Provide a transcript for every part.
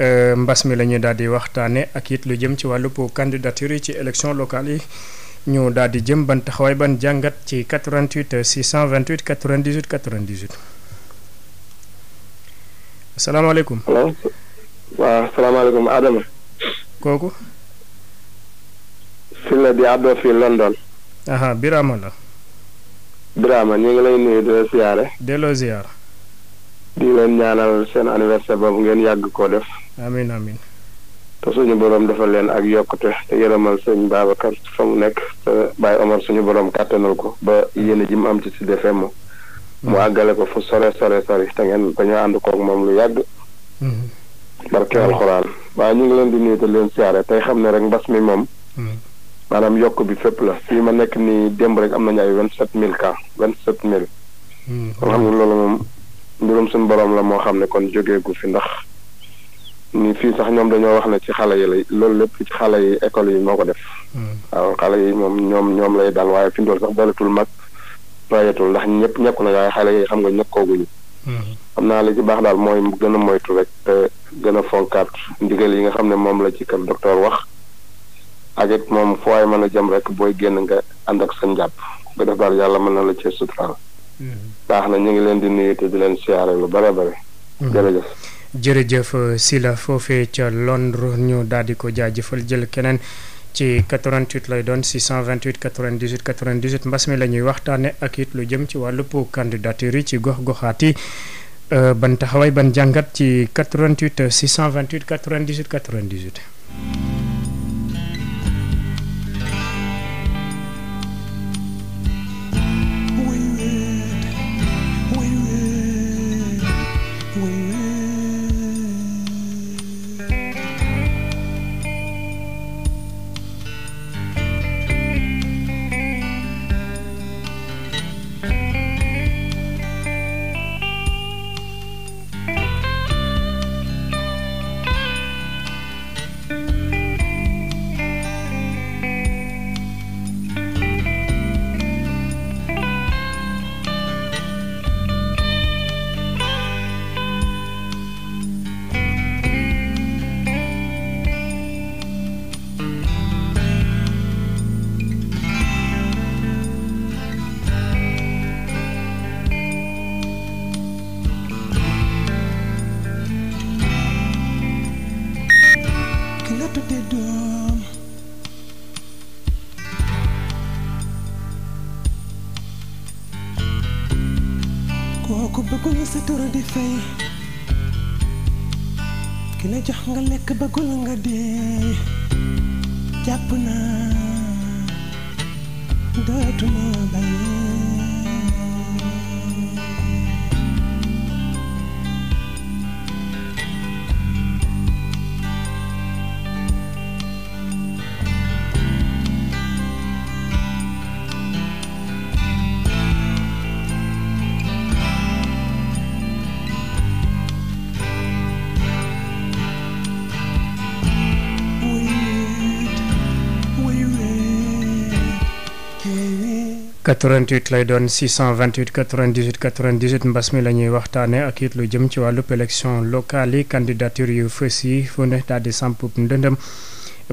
Euh, mbas mi la ñuy daal di waxtaane ak it lu jëm ci wàllu wàllub candidature yi ci élection locale yi ñu daal di jëm ban taxawaay ban jàngat ci 88 628 98 98. asalaamaaleykum. allo waaw asalaamaaleykum Adama. kooku. fi la di Abdou fi London. aha Birama la. Birama ñu ngi lay nuyu di la siyaare. delloo siyaar. di leen ñaanal seen anniversaire boobu ngeen yàgg koo def. amiin amiin te suñu borom defal leen ak yokkute te yërëmal sëñ Babacar fa mu nekk te Baye suñu borom kàttanal ko ba yéene ji mu am ci si Sud FM mu mm-hmm. àggale ko fu sore sore sore te ngeen dañoo ànd koog moom lu yàgg. Mm-hmm. barke alxuraan waaye ñu ngi leen di nuyu te leen siyaare tey xam ne rek mbas mi moom. Mm-hmm. maanaam yokk bi fépp la fii ma nekk nii démb rek am nañu ay vingt sept mille cas vingt sept mille. kon xam nga loolu moom mbirum suñu borom la moo xam ne kon jógeegu fi ndax. ni fii sax ñoom dañoo wax ne ci xale yi lay loolu lépp ci xale yi école yi moo ko def. Hmm. waaw xale yi moom ñoom ñoom lay daal waaye fi ndool sax booletul mag bàyyeetul ndax ñëpp ñekku na waaye xale yi xam nga ñekkooguñu. Hmm. xam naa li ci baax daal mooy gën a moytu rek te gën a fonkaat ndigal yi nga xam ne moom la ci kër docteur wax ak moom fu waay mën a jëm rek booy génn nga ànd ak sa njàpp def daal yàlla mën na la cee suturaal. Hmm. baax na ñu ngi leen di nuyu te di leen siyaare lu bare bare. jërëjëf. jërëjëf euh, Sylla foofee ca Londres ñu daal di ko jaajëfal jël keneen ci 88 lay doon 628 98 98 mbas mi la ñuy waxtaane ak it lu jëm ci wàllu pour candidature yi ci gox goxaati yi euh, ban taxawaay ban jàngat ci 88 628 98 98 sa tur di fay ki jox nga lekk bëggul nga dee jàpp naa dootuma bàyyi 88 lay doon 628 98 98 mbas mi la ñuy waxtaane ak it lu jëm ci wàllub élection locale yi candidature yu fës yi fu ne daal di samp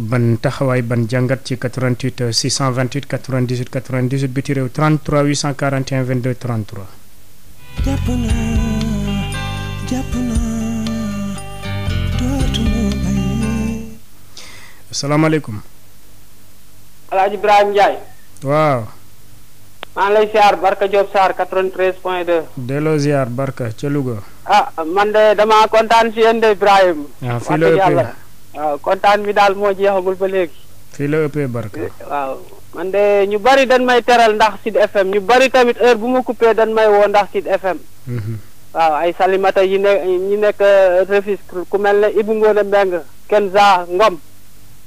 ban taxawaay ban jàngat ci 88 628 98 98 biti réew 33 841 22 33. jàpp na jàpp na dootuma bay. waaw. maa lay ziar Barka Diop Sarr 93 point 2. delloo ziar Barka ca Louga. ah man de damaa kontaan si yéen de Ibrahim. Ah, waaw fii la ëppee waaw ah, kontaan bi daal moo jeexagul ba léegi. fii la ëppee Barka. Eh, waaw man de ñu bari dañ may teral ndax Sud FM ñu bari tamit heure bu ma coupé dañ may woo ndax Sud FM. Mhm. waaw ay salimata yi ne ñi nekk euh, Rufisque ku mel ne Ibou Ngone Mbengue Kenza Ngom.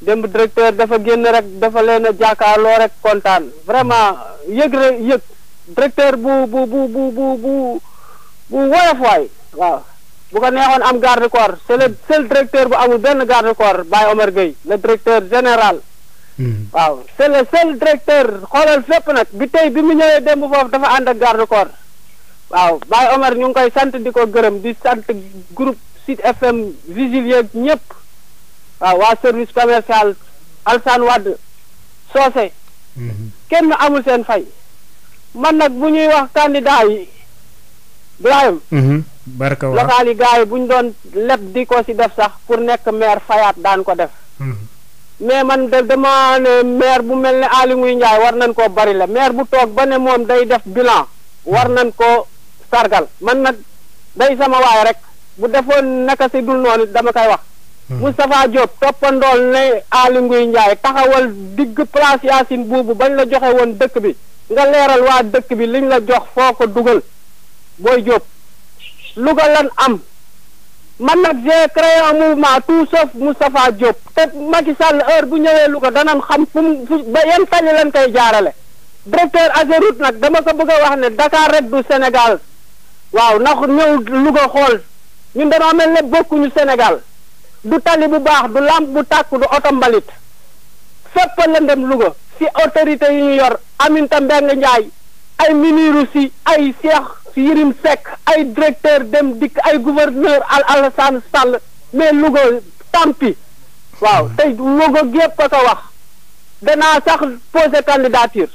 démb directeur dafa génn rek dafa leen a jàkkaarloo rek kontaan vraiment yëg rek yëg directeur bu bu bu bu bu bu bu woyof waay waaw bu ko neexoon am garde corps c'est directeur bu amul benn garde corps Baye Omar Gueye le directeur général hmm. waaw c'est le seul directeur xoolal fépp nag bi tey bi mu ñëwee demb foofu dafa ànd ak garde waaw Baye Omar ñu ngi koy sant di ko gërëm di sant groupe Sud FM vigile yeeg ñëpp waaw waa service commercial Alsaan Wadd Socé. Mhm. kenn amul seen fay. man nag bu ñuy wax candidat yi. Birahim. Mhm. barka waaw local yi gars bu ñu doon leb di ko ci def sax pour nekk maire fayaat daan ko def. Mhm. mais man de dama ne maire bu mel ni Aly Ngouille Ndiaye war nañ koo bari la maire bu toog ba ne moom day def bilan war nañ koo sargal man nag day sama waay rek bu defoon naka ci dul noonu dama koy wax. Hmm. Moustapha Diop toppandool ne Aly njaay Ndiaye taxawal digg place Yacine Boubou bañ la joxe woon dëkk bi nga leeral waa dëkk bi liñ la jox foo ko dugal booy Diop Louga lan am man nag j'ai créé un mouvement tout sauf Moustapha Diop te Macky Sall heure bu ñëwee Louga danañ xam fu mu fu ba yan tali lañ koy jaarale directeur Ageroute nag dama ko bëgg wax ne Dakar rek senegal waaw ndax ñëw Louga xool ñun danoo mel ne bokkuñu senegal du tali bu baax du lampe bu tàkk du oto mbalit fépp la dem Louga ci autorité yi ñu yor Aminata Mbengue Ndiaye ay miniru si ay Cheikh Yérim Seck ay directeur dem dikk ay gouverneur al Alassane Sall mais Louga tampi waaw tey Louga gépp ko ko wax danaa sax posé candidature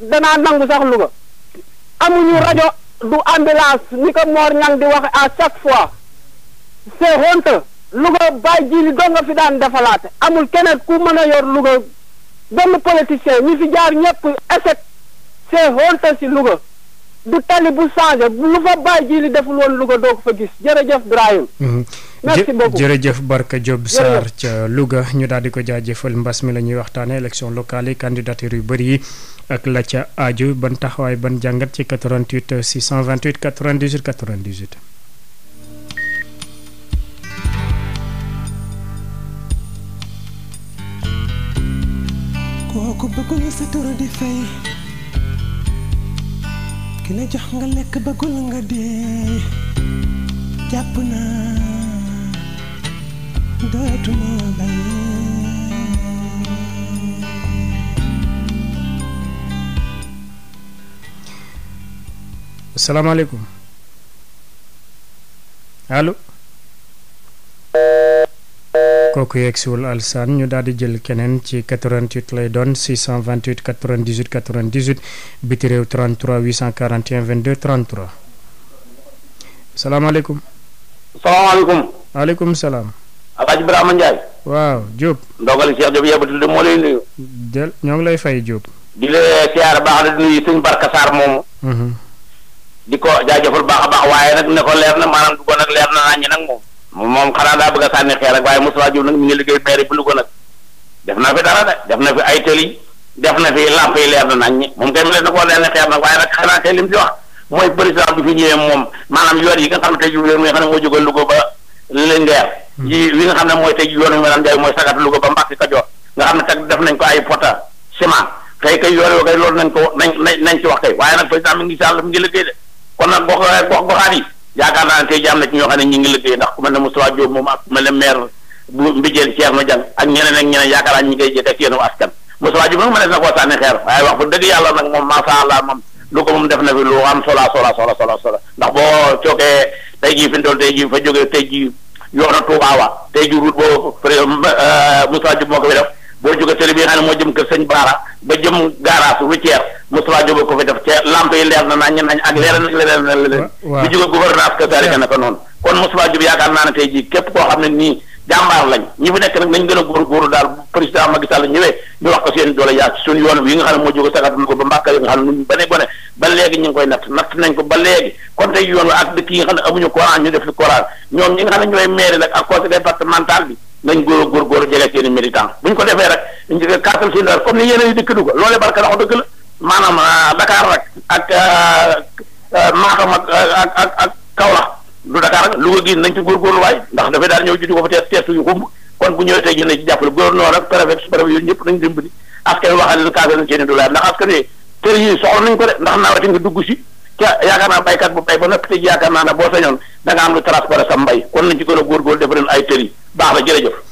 danaa nangu sax Louga amuñu mm-hmm. rajo du ambulance ni ko Mor Niang di wax à chaque fois c'est honteux Louga bàyyi ji li dong nga fi daan defalaate amul keneen ku mën a yor Louga benn politicien ñi fi jaar ñëpp échec c'est honte si Louga du tali bu changé lu fa bàyyi ji li deful woon Louga doo ko fa gis jërëjëf Birahim. Mhm. merci a jërëjëf Barka Diop Sarr ca Louga ñu daal di ko jaajëfal mbas mi la ñuy waxtaanee élection locale yi candidature yu bëri yi ak la ca aaju ban taxawaay ban jàngat ci 88 628 98 98. ku bëggul sa tur di fay ki la jox nga lekk bëggul nga dee jàpp naa dootuma bàyyi salaamaaleykum allo kooku yegsiwul alsaan ñu daal di jël keneen ci 88 lay doon 628 98 98 biti réew 33 841 22 33. salaamaaleykum. salaamaaleykum. maaleykum salaam. Alaaji Birama Ndiaye. waaw Diop. ndogali Cheikh Diop yebbu tudd moo lay nuyu. jël ñoo ngi lay fay Diop. di la siyaar baax na di nuyu suñu barka Sarr moomu. Mhm. di ko jaajëfal baax a baax waaye nag ne ko leer na maanaam du ko nag leer na moom xanaa daa bëgg a sànni xeer ak waaye Moustapha Diop nag mi ngi liggéey maire bu Louga nag def na fi dara de def na fi ay tëli def na fi làmp leer na nañ ñi moom kay mu leen na koo leen xeer nag waaye nag xanaa kay li mu ci wax mooy président bi fi ñëwee moom maanaam yoon yi nga xam ne tey yoon mi nga xam ne moo jóge ba Linguère hmm. yi wi nga xam ne mooy tey yoon mi maanaam jaay mooy sagat Louga ba Mbàkke Kajoor nga xam ne teg def nañ ko ay pota ciment kay kay yoon yoo kay loolu nañ ko nañ nañ ci wax kay waaye nag président mi ngi sàll mi ngi liggéey de kon nag gox gox goxaat yi yaakaar naa ne tey ji am na ñoo xam ne ñu ngi liggéey ndax ku mel ne Moustapha moom ak ku mel ne maire bu Mbijeel Thierno Diagne ak ñeneen ak ñeneen yaakaar naa ñu ngi koy jëte ak yéen askan Moustapha Diop nag mënees na koo sànni xeer waaye wax bu dëgg yàlla nag moom macha allah moom lu ko moom def na fi lu am sola sola sola sola sola ndax boo cookee tey jii fi mu toll tey jii fa jógee tey jii yoona Touba wa tey jii route boo euh, Moustapha Diop moo ko fi def boo jógee télé bi nga xam ne moo jëm kër sëñ Baara ba jëm garage routière Moustapha Diop ko fi def ca lamp yi leer na nañ nañ ak leer na leer na leer bi jóge gouvernance que tarika naka noonu kon Moustapha Diop yaakaar naa ne tey jii képp koo xam ne nii jàmbaar lañ ñi fi nekk nag nañ gën a góorgóorlu daal président Macky Sall ñëwee ñu wax ko seen doole yaa suñu yoon yi nga xam ne moo jóge sagat na ko ba mbàkka yi nga xam ne nu bane bane ba léegi ñu ngi koy natt natt nañ ko ba léegi kon tey yoon ak dëkk yi nga xam ne amuñu courant ñu def li courant ñoom ñi nga xam ne ñooy maire nag ak conseil départemental bi nañ góor góor góor jege seen i militant bu ñu ko defee rek ñu jege kàttal seen comme ni yeneen yi dëkk du ko loolee barka wax dëgg la maanaam euh, Dakar rek ak euh, euh, Matam ak ak ak ak Kaolack du Dakar ak Louga gi nañ ci góorgóorlu waay ndax dafay daal ñëw judd ko fa tees teestu yu xumb kon bu ñëwee tey jii nañ ci jàppale gouverneur ak préfet préfet yooyu ñëpp nañ dimbali askan waxal kaasa nañ seeni dollars ndax askan yooyu kër yi soxla nañ ko de ndax nawet nga dugg si ca yaakaar naa baykat bu bay ba noppi te yaakaar naa ne boo sañoon da nga am lu transparent sa mbay kon nañ ci gën a góorgóorlu def leen ay tër baax na jërëjëf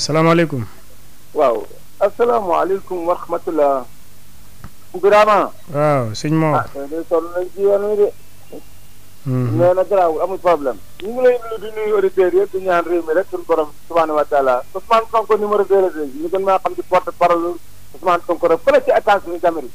salaamaaleykum. waaw asalaamaaleykum wa rahmatulah. Birama. waaw sëñ Mor. ah tey de sonn nañ ci yoon wi de. Mhm. nee na garaaw amul problème. ñu ngi lay nuyu di nuyu auditeurs yëpp di ñaan réew mi rek suñu borom subhaanahu wa taala Ousmane Sonko numéro 02 ñu gën maa xam ci porte parole Ousmane Sonko rek fële ci attention Jàmmeri.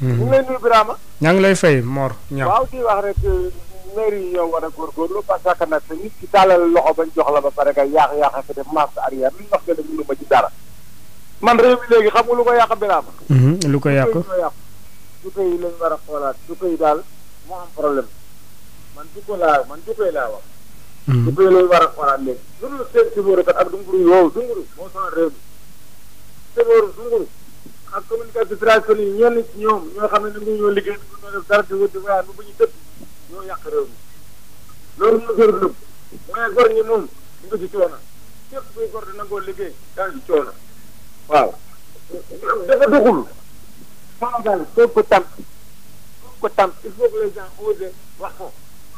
Mhm. ñu ngi lay nuyu Birama. ñaa ngi lay fay Mor. ñaaw waaw di wax rek. Euh, maire yi ñoo war a góorgóorlu parce que nag nit ki tàllal loxo bañ jox la ba pare nga yaax yaax ak def marche arrière li ñu wax nga ma ci dara. man réew mi léegi xam nga lu ko yàq bi naan. lu ko yàq a xoolaat jikko yi moo am problème man jikko laa man jikko yi laa wax. jikko yi lañ a xoolaat léegi. loolu seen sibóoru kat ak dunguru yi wow dunguru moo sonal réew mi dunguru ak di ko def dara di wut ñu dëpp ñoo yàq réew loolu moo gën a dëgg mais gor ñi moom du ci coono képp kuy gor di nangoo liggéey daa ci coono waaw. dafa doxul. Sénégal képp ko tam képp ko tam il faut que les gens osent wax ko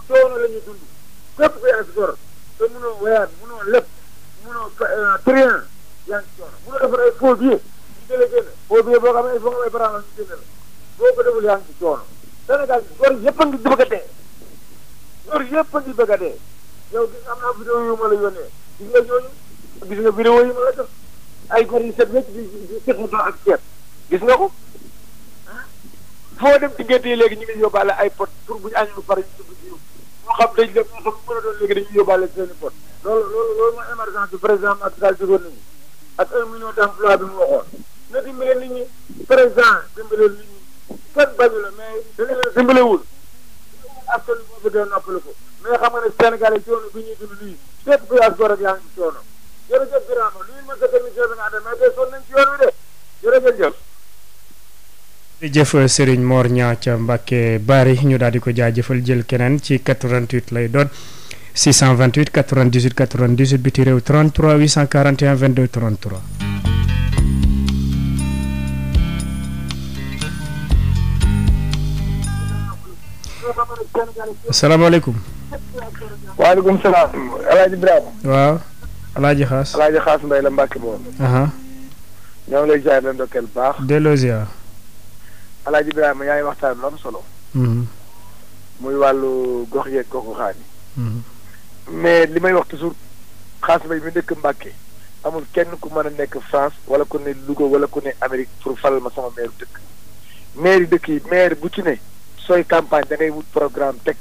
coono la ñuy dund képp kuy as gor te mënoo voyage mënoo lépp mënoo euh, terrain yaa ngi ci coono mënoo defar ay faux billets ñu jëlee génn faux billets boo xam ne il faut nga may baraa ko deful yaa ngi ci coono Sénégal gor yëpp a ngi bëgg a góor yëpp a ngi bëgg a dee yow gis am naa vidéo yu ma la yónnee gis nga ñooñu gis nga vidéo yi ma la def ay góor yu set ak ceeb gis nga ko foo dem ci gétt yi léegi ñu ngi yóbbaale ay pot pour bu ñu añu pare ñu dugg ci moo xam dañ def moo xam bu mën a doon léegi dañuy yóbbaale seeni pot loolu loolu loolu mooy émergence bi président Macky Sall digoon nañu ak un million d'emploi bi mu waxoon na dimbale nit ñi président dimbale nit ñi kenn bañu la mais dañ leen askan wi moo bëggee noppalu ko mais xam nga ne Sénégal yi coono ci yoon wi de jërëjëf jëf jërëjëf Serigne Mor Ñaa ca Mbacke Bari ñu daal di ko jaajëfal jël keneen ci 88 lay doon 628 98 98 biti réew 33 841 22 33 salaamaaleykum. waaleykum salaam. El Hadj Ibrahima. waaw. El Hadj Xaas. El Hadj Xaas Mbaye la Mbacke Mbow. ñoo ngi lay ziar leen dokkeel bu baax. delloo ziar. El Hadj Ibrahima yaa waxtaan lu solo. Mhm. muy wàllu gox yeeg goxu xaani. Mhm. mais li may wax toujours Xaas Mbaye mu dëkk Mbacke. amul kenn ku mën a nekk France wala ku ne Louga wala ku ne Amérique pour falal ma sama maire dëkk. maire dëkk yi maire bu ci ne. sooy campagne da ngay wut programme teg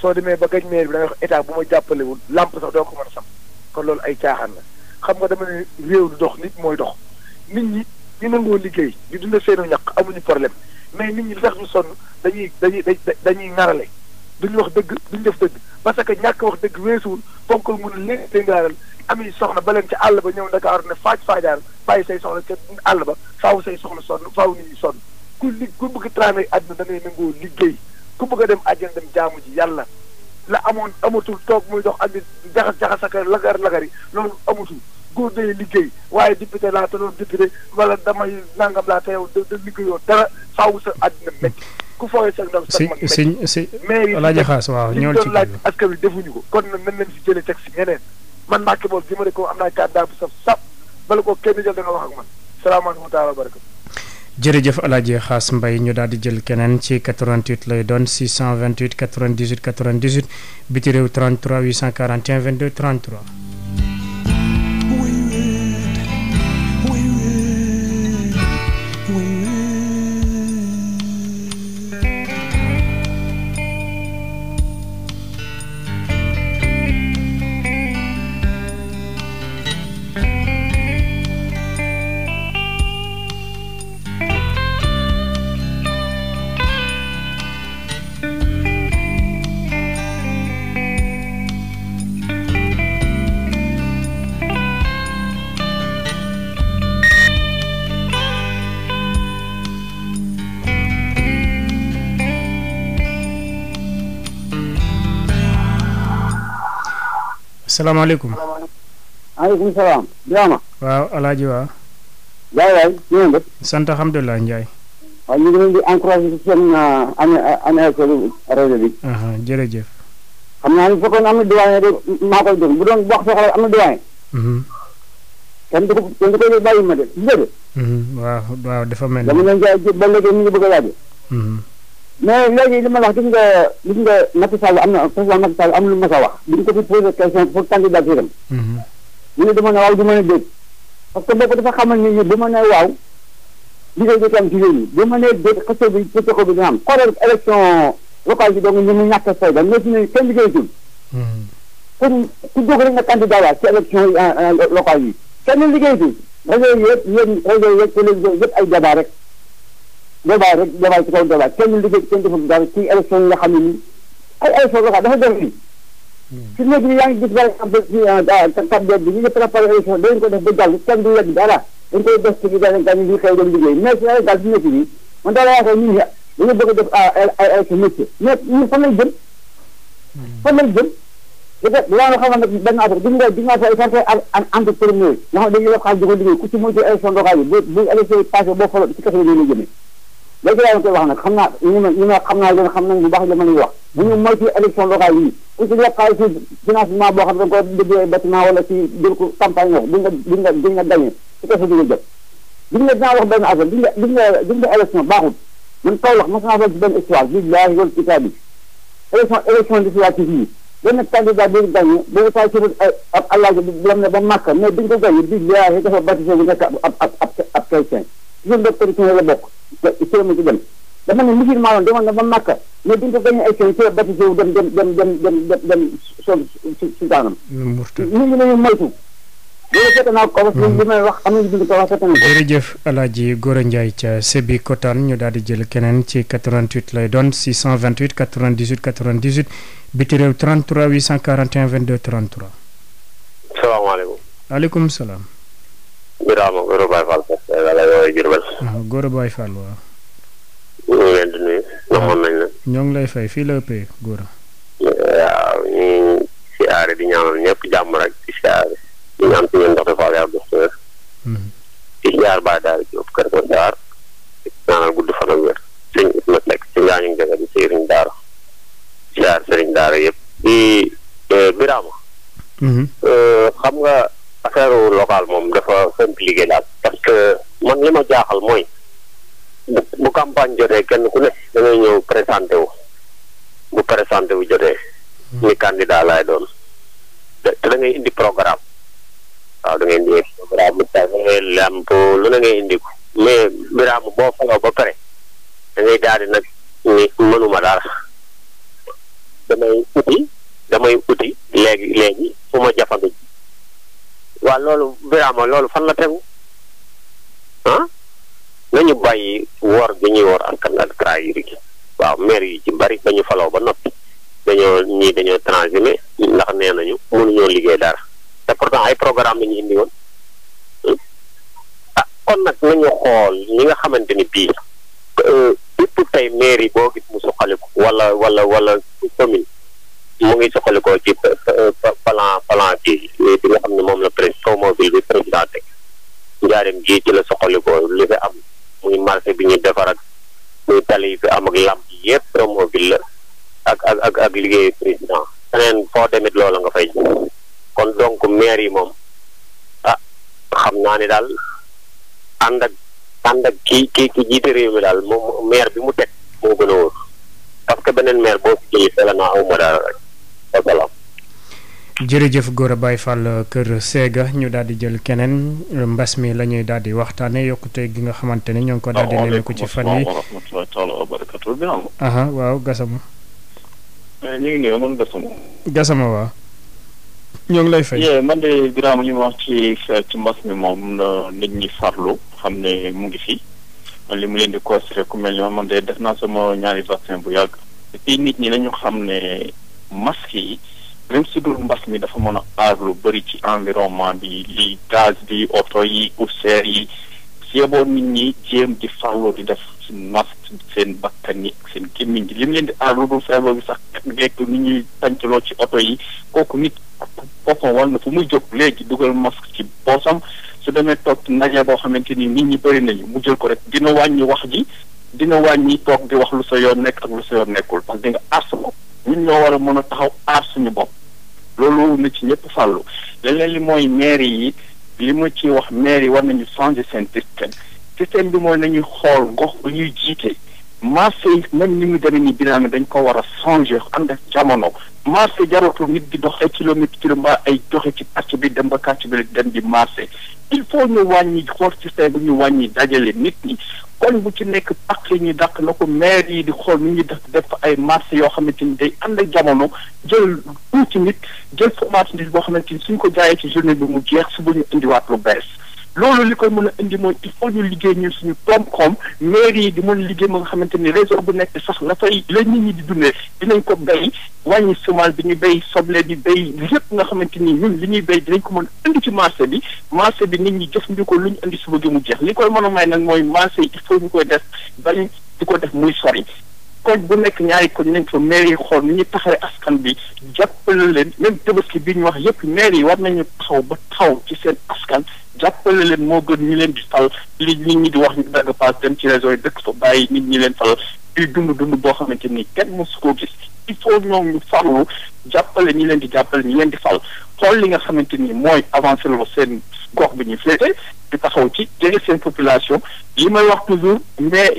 soo demee ba gañ maire bi da ngay wax état bu ma jàppalewul làmp sax doo ko mën a sam kon loolu ay caaxaan la xam nga dama ne réew du dox nit mooy dox nit ñi ñu nangoo liggéey ñu dund seenu ñaq amuñu problème mais nit ñi sax ñu sonn dañuy dañuy dañuy ŋarale duñu wax dëgg duñu def dëgg parce que ñàkk wax dëgg weesuwul ponkal mun a leen déngaaral am yi soxna ba leen ca àll ba ñëw Ndakaaru ne faaj faajaar bàyyi say soxla ca àll ba faaw say soxla sonn faaw nit ñi sonn ku li ku bëgg taraanga àdduna da ngay nangoo liggéey ku bëgg a dem àjjana dem jaamu ji yàlla la amoon amatul toog muy dox andi jaxas jaxas ak lagar lagari loolu amatul góor day liggéey waaye député laa te doon député wala damay nangam laa te yow da da liggéeyoo dara faaw sa àdduna métti ku fooyee sa ndaw sax mag métti si alaaji xaas waaw ñëwal ci laaj askan wi defuñu ko kon nag nañ leen si jëlee teg si ñeneen man Mbacke Mbow jëmale ko am naa kàddaa bu saf saf bala ko kenn jël da nga wax ak man salaamaaleykum taala wa barakatu jërëjëf alaaji xaas mbay ñu daal di jël keneen ci 88 lay doon 628 98 98 biti réew 33 841 22 33 salaamaaleykum. maaleykum salaam. Birama. waaw alaaji waaw. Ndiaye waay ñu ngi sant alhamdulilah Ndiaye. waaw ñu ngi leen di encouragé ci seen uh, année uh, année école rajo bi. jërëjëf. xam naa ne bu fekkoon am na doyen de maa koy déglu bu doon wax soo xoolee am na doyen. Mhm. kenn du ko kenn du ko bàyyi ma de. Mhm, waaw waaw dafa mel ni. dama leen jaay ba léegi ñu ngi bëgg a yàgg. mais léegi li ma wax gis nga gis nga Macky am na président am lu ma sa wax. bi ñu ko fi posé question pour candidature am. ñu mhm. ne dama ne waaw du ma ne déet. parce que boobu dafa xamal ni bu ma ne waaw liggéey bi tam ci réew mi bu ma nee déet xëccoo bi xëccoo bi dina am. xoolal élection locale bi dong ñu mu ñàkk a fayda mais fi ne kenn liggéeyatul. Mhm. kon ku jóg rek nga candidat la ci élection euh, euh, locale yi kenn liggéeyatul réseau yëpp yéen réseau yëpp télévision yëpp ay jabaar rek. Diomaye rek Diomaye ci kaw Diomaye kenn liggéey kenn deful dara ci élection yi nga xam ne nii ay élection locale dafa dem nii si hmm. léegi nii yaa ngi gis par exemple ci ah, tableau bi ñu ngi préparé élection dañ ko def ba jàll kenn du yegg dara dañ koy def ci gane gane ñi xëy dem liggéey mais si ay dal si nekk nii man daal yaakaar ñu ne dañu bëgg a def ah, ay élection métier mais ñun fan lay jëm hmm. fan lay jëm peut-être laa nga xamoon nag benn affaire di nga di nga fa ay certains entrepreneurs ñoo xam dañuy def xaalis di ko liggéey ku ci moytu élection locale yi bu élection yi passé boo xooloo ci kese la ñu jëmee la jëlaat koy wax nag xam naa ñu ma ñu ma xam naa bu baax la ma ñuy wax bu ñu moytu élection ku ci lekk xaalis boo xam ne da nga ko déggee bâtiment wala ci jël ko campagne wax di nga dinaa wax benn affaire gis man kaw wax naa wax ci benn histoire billaahi wal kitaabi élection élection yi benn candidat bi si ab alaaji bu lam ne ba màkk mais bi ñu ko gagné billaahi ab ab ab ab ñoom de traditionnel la bokk téema ci dem dama ne musulman loon demoon na ba Makka mais duñ ko gañe élection ci la baptisé wu dem dem dem dem dem dem dem sol sultaanam ñu ngi nañu moytu mm-hmm. jërëjëf alaaji Gora Ndiaye ca Sébi Kotaan ñu daal jël keneen ci 88 lay doon 628 98 98 biti réew 33 841 22 33 salaamaaleykum aleykum salaam Birama Gora Baye Fall Kër Saalum yow ay Diourbel. Ah, waaw Gora ñu ngi leen di nuyu. waxoon nañ la. ñoo ngi lay fay fii la ëppee Gora. waaw ñu ngi siyaare di ñaanal ñëpp jàmm rek di siyaare di ñaan ci ñun mm-hmm. di ñaanal gudd fan ak wér suñ it ma nekk ci ñaañu njëkk Daara siyaar sëriñ Daara yëpp di eh, mm-hmm. eh, xam nga. affaire local moom dafa simple liggéey daal parce que man li ma jaaxal mooy bu bu campagne jotee kenn ku ne da ngay ñëw présenté wu bu présenté jotee. Hmm. ni candidat laay doon. te da ngay indi programme waaw da ngay indi programme da ngay lamp lu ne ngay indi ko mais biraam boo faloo ba pare da ngay nag ni mënuma dara damay uti damay uti léegi léegi fu ma jafandu waa loolu Birama loolu fan la tegu ah nañu bàyyi woor bi ñuy woor askan ak trahir gi waaw maire yi ci bari dañu faloo ba noppi dañoo ñii dañoo transhumé ndax nee nañu mënuñoo liggéey dara te pourtant ay programme la ñu indi woon ah kon nag nañu xool ñi nga xamante ni bii bépp euh, tey maire yi boo gis mu suqaliku walla wala wala commune mu ngi soxalikoo ci plan plan bi bi nga xam ne moom la président promobile bi président teg njaarim ji ci la soxalikoo li fi am muy marché bi ñuy defar ak muy tali yi fi am ak làmp yëpp promobile la ak ak ak ak liggéeyu président foo demit loola nga fay kon donc maire yi moom ah xam naa ni daal ànd ak ànd ak ki ki ki jiite réew mi daal moom maire bi mu teg moo gën a wóor parce que beneen maire boo fi jëlee fela naa awma dara wa salaam. jërëjëf Gora Baye Fall Kër Sega ñu daal di jël keneen mbas mi la ñuy daal di waxtaanee yokkute gi nga xamante ne ñoo ngi ko daal di leen ko ci fan yi aha waaw Gassama. Eh, ñu ngi nuyu man lay fay. man de Birame ñu wax ci ci mbas mi moom nit ñi farlu xam ne mu ngi fi li mu leen di constaté ku mel ni man de def naa sama ñaari vaccin bu yàgg. et puis nit ñi nañu xam ne. masque yi même su dul mbas mi dafa mën a aar lu bëri ci environnement bi li gaz bi oto yi poussière yi jéemoon nit ñi jéem di farloo di def masque seen bakkan yi seen gémmiñ gi li leen di aar lu dul feebar bi sax nekk ni ñuy tàncaloo ci oto yi kooku nit boppam war na fu muy jóg léegi dugal masque ci boosam su demee toog ndaje boo xamante ni nit ñi bëri nañu mu jël ko rek dina wàññi wax ji dina wàññi toog di wax lu sa yoon nekk ak lu sa yoon nekkul parce que di nga aar sa ñun ñoo war a mën a taxaw aar suñu bopp loolu na ci ñëpp fàllu leneen li mooy maire yi li ma ci wax maire yi war nañu changer seen système système bi mooy nañuy xool gox bu ñuy jiite marché yi même ni mu demee nii dinaam dañ ko war a changer ànd ak jamono marché jaratul nit di dox ay kilomètre kilomètre mbaa ay joxe ci pàcc bi dem ba kàcc bi dem di marché il faut ñu wàññi xool système bi ñu wàññi dajalee nit ñi koñ bu ci nekk pàcc yi ñuy daq na ko maire yi di xool nu ñuy def def ay marché yoo xamante ni day ànd ak jamono jël tuuti nit jël formation nit boo xamante ni suñ ko jaayee ci journée bi mu jeex suba ñu indiwaat lu bees. loolu li koy mën a indi mooy il faut ñu liggéey ñun suñu koom-koom mairie di mën liggéey ba nga xamante ni réseau bu nekk sax la fay la nit ñi di dundee dinañ ko bay wàññi semence bi ñu bay soble bi béy yëpp nga xamante ni ñun li ñuy bay dinañ ko mën a indi ci marché bi marché bi nit ñi jëfandikoo lu ñu indi suba gi mu jeex li koy mën a may nag mooy marché il faut ñu koy def bañ di ko def muy sori koñ bu nekk ñaari ñu nañ fa maire yi xool ni ñuy taxawee askan bi jàppale leen même tabaski bi ñu wax yëpp maire yi war nañu taxaw ba taxaw ci seen askan jàppale leen moo gën ñi leen di fal li nit ñi di wax ñu dagg paas dem ci réseau yi dëkk fa bàyyi nit ñi leen fal di dund dund boo xamante ni kenn mosu koo gis il faut ñoom ñu farlu jàppale ñi leen di jàppale ñi leen di fal xool li nga xamante ni mooy avancé loo seen gox bi ñu féete di taxaw ci jege seen population li may wax toujours mais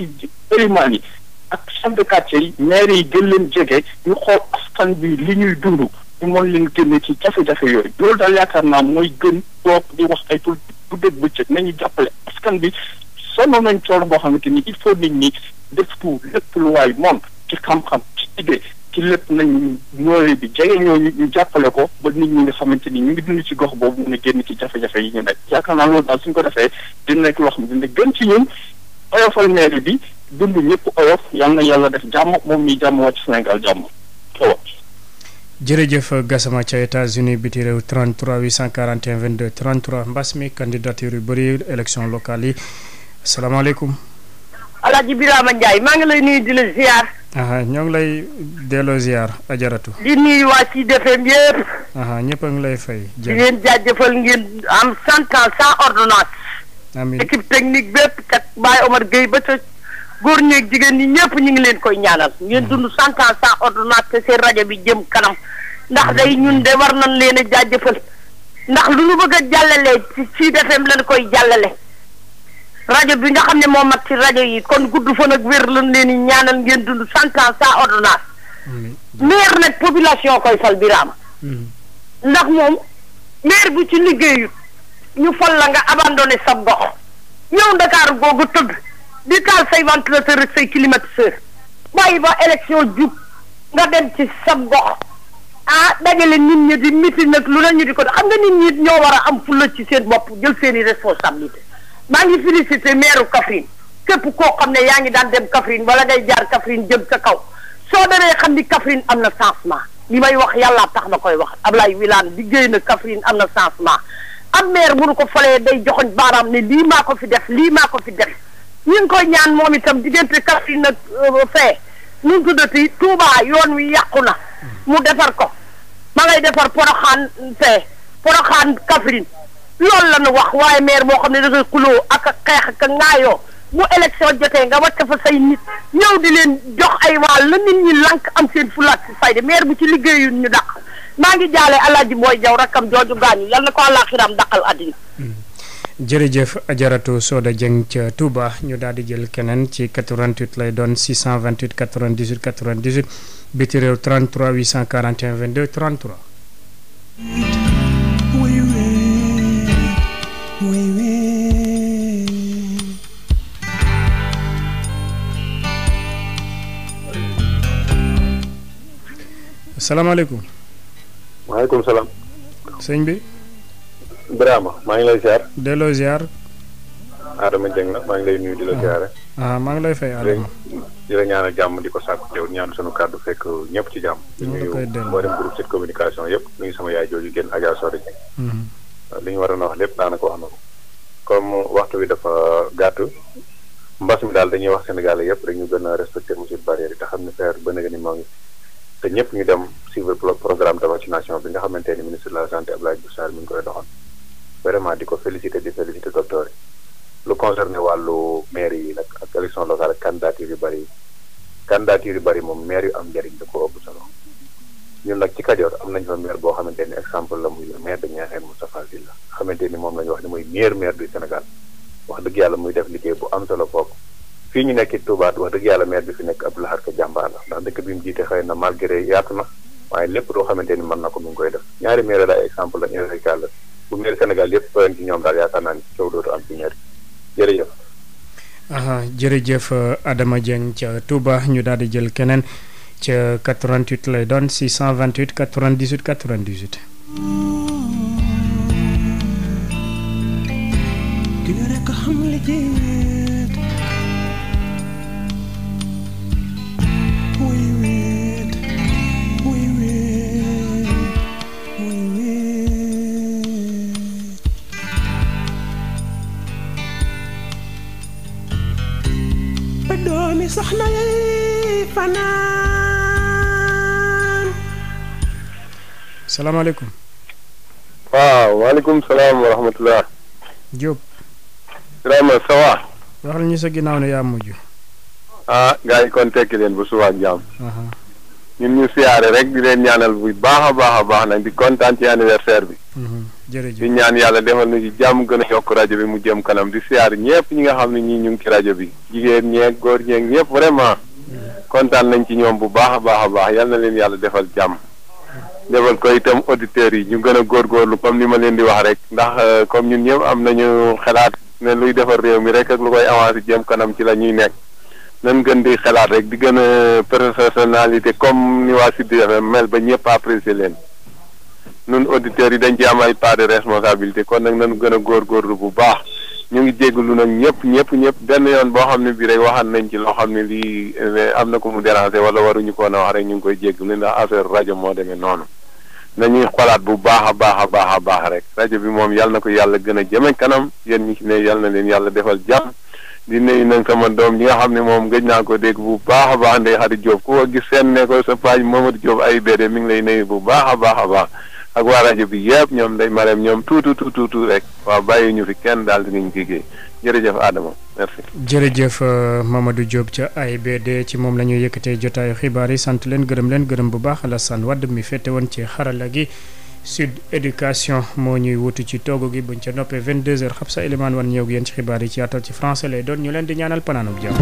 périman yi ak chef de quartier yi maire yi gën leen jege ñu xool askan bi li ñuy dund ñu mën leen génne ci jafe-jafe yooyu loolu daal yaakaar naa mooy gën toog di wax ay tul bu dégg bëccëg nañu jàppale askan bi sonnoon nañ coono boo xamante ni il faut nit ñi def tout lépp lu waay moom ci xam-xam ci idée ci lépp nañ ñooy bi jege ñooñu ñu jàppale ko ba nit ñi nga xamante ni ñu ngi dund ci gox boobu mu ne génn ci jafe-jafe yi ñu nekk yaakaar naa loolu daal suñ ko defee dina nekk loo xam ne gën ci ñun oyofal mairie bi dund ñëpp oyof yal na yàlla def jàmm moom mi jàmm wàcc Sénégal jàmm kaw. jërëjëf Gassama ca États-Unis biti réew 33 841 22 33 mbas mi candidature yu bëri élection locale yi salaamaaleykum. Alaaji Birama Ndiaye maa ngi lay nuyu di la ziar. ñoo ngi lay delloo ziar ajaratu. di nuyu waa Sud FM yëpp. ñëpp ngi lay fay. jërëjëf di leen jaajëfal am cent ans sans ordonnance. amiin équipe technique bépp kat Baye Omar Gueye ba ca góor ñeeg jigéen ñi ñëpp ñu ngi leen koy ñaanal. Mm. ngeen dund santa ans sans ordonnance te seen rajo bi jëm kanam. ndax mm. day ñun de war nañ leen a jaajëfal. ndax lu ñu bëgg a jàllale ci ci defem lañ koy jàllale. rajo bi nga xam ne moom mag ci rajo yi kon gudd fa nag wér lañ leen di ñaanal ngeen dund cent ans sans maire nag population koy fal biraam mm. ndax moom maire bu ci liggéeyut ñu fol la nga abandonné sa gox ñëw Ndakaaru googu tëgg di taal say ventilateur ak say climatiseur bàyyi ba élection jub nga dem ci sa gox ah dajale nit ñi di mitin nag lu ne ñu di ko xam nga nit ñi ñoo war a am fulla ci seen bopp jël seeni i responsabilité maa ngi félicité maire Kaffrine képp koo xam ne yaa ngi daan dem Kaffrine wala ngay jaar Kaffrine jëm sa kaw soo demee xam ni Kaffrine am na changement li may wax yàlla tax ma koy wax Ablaye Wilane liggéey na Kaffrine am na changement am maire bu nu ko falee day joxoñ baaraam ne lii maa ko fi def lii maa ko fi def ñu koy ñaan moom itam diggante Kaffrine nag euh, fee nu mu tuddati Touba yoon wi yàqu na mu defar ko ma ngay defar Poroxaan fee Poroxaan Kaffrine loolu la nu wax waaye maire boo xam ne da nga xuloo ak a xeex ak a ŋaayoo mu élection jotee nga wàcc fa say nit ñëw di leen jox ay waal la nit ñi lank am seen fulaat si fayda maire bu ci liggéeyuñ ñu dàq maa ngi jaale alaaji booy jaw rakkam jooju gaañu yal na ko àllaaxiram daqal àddina hmm. jërëjëf ajaratu Soda Dieng ca Touba ñu daal di jël keneen ci 88 lay doon 628 98 98 biti réew 33 841 22 33. salaamaaleykum. maaleykum salaam. sëñ bi. Birama maa ngi lay ziar. delloo ziar. Adama Dieng la maa ngi lay nuyu di la ah. ziare. ah maa ngi lay fay Adama. di la jàmm di ko sàkku teew ñaan suñu kàddu fekk ñëpp ci jàmm. di nuyu mboolem groupe site communication yëpp nuyu sama yaay jooju génn Adja Sori. Mm-hmm. li ñu waroon a wax lépp daanaka wax na ko. comme waxtu wi dafa gàtt. mbas mi daal dañuy wax Sénégal yëpp rek ñu gën a respecté mesures barrières yi te xam ne feer ba nga ni moo ngi. te ñëpp ñu dem suivre programme de vaccination bi nga xamante ni ministre de la santé Abdoulaye Diouf Sarr mi koy doxal vraiment di ko félicité di félicité docteur yi lu concerné wàllu maire yi nag ak élection locale ak candidature yu bëri candidature yu bëri moom maire yu am njëriñ da ko ëpp solo ñun nag ci Kajoor am nañ fa maire boo xamante ni exemple la muy le maire de Niakhène Moustapha Sylla la xamante ni moom la ñu wax ni mooy meilleur maire du Sénégal wax dëgg yàlla muy def liggéey bu am solo foofu fii ñu nekk Touba wax dëgg yàlla maire bi fi nekk Abdou Lahad Ka jàmbaar la ndax dëkk bi mu jiite xëy na malgré yaatu na waaye lépp loo xamante ni mën na ko mu ngi koy def ñaari maire daal exemple la irréfutable la bu maire Sénégal yëpp doyen ci ñoom daal yaakaar naa ni coow dootu am ci maire bi jërëjëf. jërëjëf Adama Dieng ca Touba ñu daal di jël keneen ca 88 lay doon 628 98 98. dina rek xam li ji. soxna yey fanaan salaamaaleykum waaw waaleykum salaam wa rahmatullah Diop Ibrahima ça va waxal ñu sa ginnaaw ne yaa mujj ah gars yi kon tekki leen bu subaak jàmm ñun ñu siyaare rek di leen ñaanal bu baax a baax a baax nag di kontaan ci anniversaire bi mhm. jërëjëf di ñaan yàlla defal na ci jàmm gën a yokk rajo bi mu jëm kanam di siyaar ñëpp ñi nga xam ne ñii ñu ngi ci rajo bi jigéen ñeeg góor ñeeg ñëpp vraiment kontaan nañ ci ñoom bu baax a baax a baax yal na leen yàlla defal jàmm defal ko itam auditeurs yi ñu gën a góor góorgóorlu comme ni ma leen di wax rek ndax euh, comme ñun ñëpp am nañu xalaat ne luy defar réew mi rek ak lu koy avancé jëm kanam ci la ñuy nekk nan gën di xalaat rek di gën a personnalité comme ni waa Sud FM ba ñëpp apprécier leen nun auditeurs yi dañ ci am ay part de responsabilité kon nag nañu gën a góorgóorlu bu baax ñu ngi lu nag ñëpp ñëpp ñëpp benn yoon boo xam ne bii rek waxan nañ ci loo xam ne lii eh, am na ko mu déranger wala waruñu koo na wax rek ñu ngi koy jégalu ndax affaire rajo moo demee noonu nañuy xolaat bu baax a baax a baax a baax rek rajo bi moom yal na ko yàlla gën a jëme kanam yéen ñi ci ne yal na leen yàlla defal jàmm di nuyu nag sama doom ñi nga xam ne moom gëj naa ko dégg bu baax a baax ndey xarit Diop ku ko gis seen ne ko sa page Mamadou Diop ay bédé mi ngi lay nuyu bu baax a baax a baax ak waa rajo bi yëpp ñoom day mareem ñoom tuuti tuuti tuuti rek waaw bàyyi ñu fi kenn daal di ñu liggéey jërëjëf Adama merci. jërëjëf euh, Mamadou Diop ca AIBD ci moom la ñuy yëkkatee jotaayu xibaar yi sant leen gërëm leen gërëm bu baax Alassane Wade mi fete woon ci xarala gi Sud Éducation moo ñuy wutu ci togg gi buñ ca noppee 22h xam sa élément wan ñëw ak yéen ci xibaar yi ci yaatal ci français lay doon ñu leen di ñaanal panaanub jàmm.